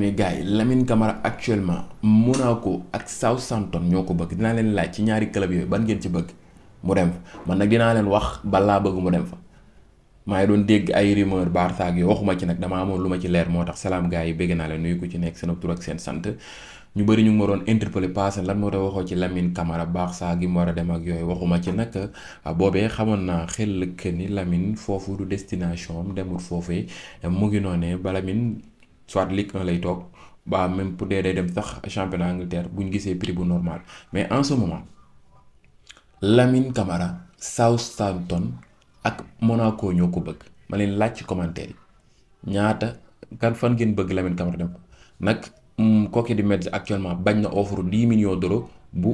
mais gars yi Lamine Camara actuellement ko ak Southampton ñoo ko bëgg dinaa leen laaj ci ñaari club yooyu ban ngeen ci bëgg mu dem fa man nag dinaa leen wax balaa bëgg mu dem fa maa ngi doon dégg ay rumeur Barça ak waxuma ci nag dama amoon lu ma ci leer moo tax salaam gars yi bëgg naa leen nuyu ko ci nekk seen tur ak seen sant ñu bëri ñu ngi ma doon interpellé passé lan moo tax waxoo ci Lamine Camara Barça gi mu war a dem ak yooyu waxuma ci nag ah, boobee xamoon naa xel que ni Lamine foofu du destination am demul foofee ngi noonee ba soit Ligue 1 lay toog ba même pour dee day dem sax championnat Angleterre bu ñu gisee prix bu normal mais en ce moment Lamine Camara Southampton ak Monaco ñoo ko bëgg ma leen laaj ci commentaire yi ñaata kan fan gen bëgg Lamine Camara dem ko nag mm, kooke di Metz actuellement bañ na offre dix millions d'euros bu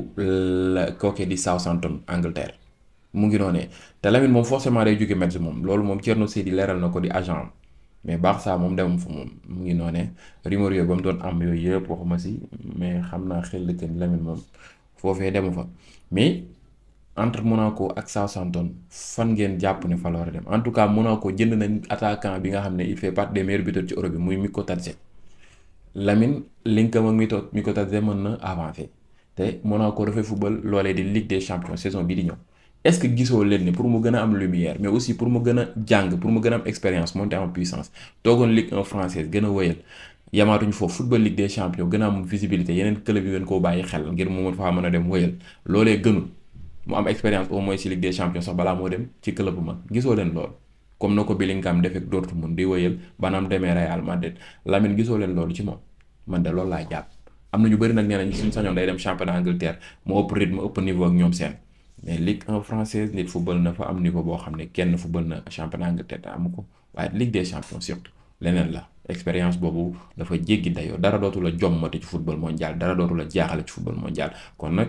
la kooke di Southampton Angleterre mu ngi noonee te Lamine moom forcément day jóge Metz moom loolu moom Thierno Seydi leeral na ko di agent mais baax saa moom demam fa moom mu ngi noonee rumeur yooyu ba mu doon am yooyu yëpp waxuma si mais xam naa xel que ni Lamine moom foofee demu fa mais entre Monaco ak Southampton fan ngeen jàpp ne fa la war a dem en tout cas Monaco jënd nañ attaquant bi nga xam ne il fait partie des meilleurs buteurs ci Europe bi muy Mikotadze Lamine Lincoln ak Mikotadze mën na avancer te Monaco dafay football loolee di Ligue des champions saison bii di ñëw. est-ce que gisoo leen ni pour mu gën a am lumière mais aussi pour mu gën a jàng pour mu gën a am expérience monter en puissance a wëyal yamaatuñu foofu football Ligue gën a am visibilité yeneen club yi gën koo bàyyi xel ngir mu mën faa mën a dem wëyal loolee gënul mu am expérience au moins ci Ligue des champions sax balaa moo dem ci club bu gisoo leen lool comme na ko Bellingham defee ak Dortmund di wëyal banaam demee Real Madrid Lamine gisoo leen loolu moom man de loolu laa jàpp am na ñu bëri nag nee nañ suñu ñoom seen mais Ligue 1 française nit football na fa am ko boo xam ne kenn football na championnat Angleterre te amu ko waaye Ligue des champions surtout leneen la expérience boobu dafa jéggi dayoo dara dootu la jommati ci football mondial dara dootu la jaaxale ci football mondial kon nag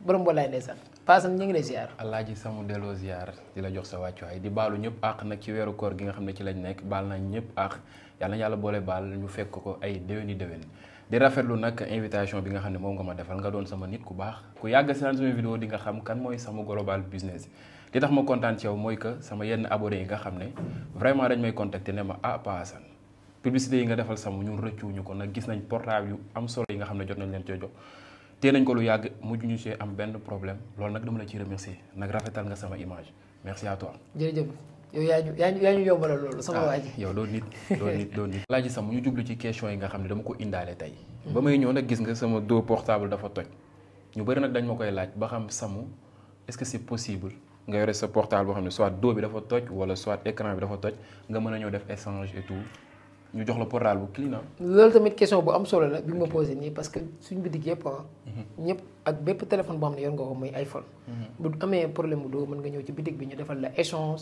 borom walaay ndeysaan paasam ñu ngi lay ziar alaaji samu delloo ziar di la jox sa wàccuwaay di baalu ñëpp àq nag ci weeru koor gi nga xam ne ci lañ nekk baal nañ ñëpp àq yàlla boole baal ñu fekk ko ay déwéni déwén di rafetlu nag invitation bi nga xam ne moom nga ma defal nga doon sama nit ku baax ku yàgg si naan sama vidéo di mooy sama global business li tax ma kontaan ci mooy que sama yenn abonné yi nga xam ne vraiment dañ may contacter ne ma ah Pa Assane yi nga defal sama ñun rëccuwuñu ko nag gis nañ portable yu am solo yi nga xam ne jot nañ leen coo jox tee nañ ko lu yàgg mujj ñu see am benn problème lool nag dama la ci remercier nag rafetal nga sama image merci à toi. jërëjëf yow yaa ñu yaa ñu yaa ñu yombalal loolu sama ah, waa yi yow nit doo nit doo laaj sax mu ñu jublu ci question yi nga xam ne dama ko indaale tey. Hmm. ba may ñëw nag gis nga sama doo portable dafa toj ñu bëri nag dañ ma koy laaj ba xam samu est-ce que c'est possible. nga yore sa portable boo xam ne soit doo bi dafa toj wala soit écran bi dafa toj nga mën a ñëw def échange et ñu jox la portal bu clean ah. loolu tamit question bu am solo bi ma posé nii parce que bitig yëpp ah. Mhm. ñëpp ak bépp téléphone boo xam ne nga ko muy iPhone. Mhm. bu amee problème bu doo mën nga ñëw ci bitig bi ñu defal la échange.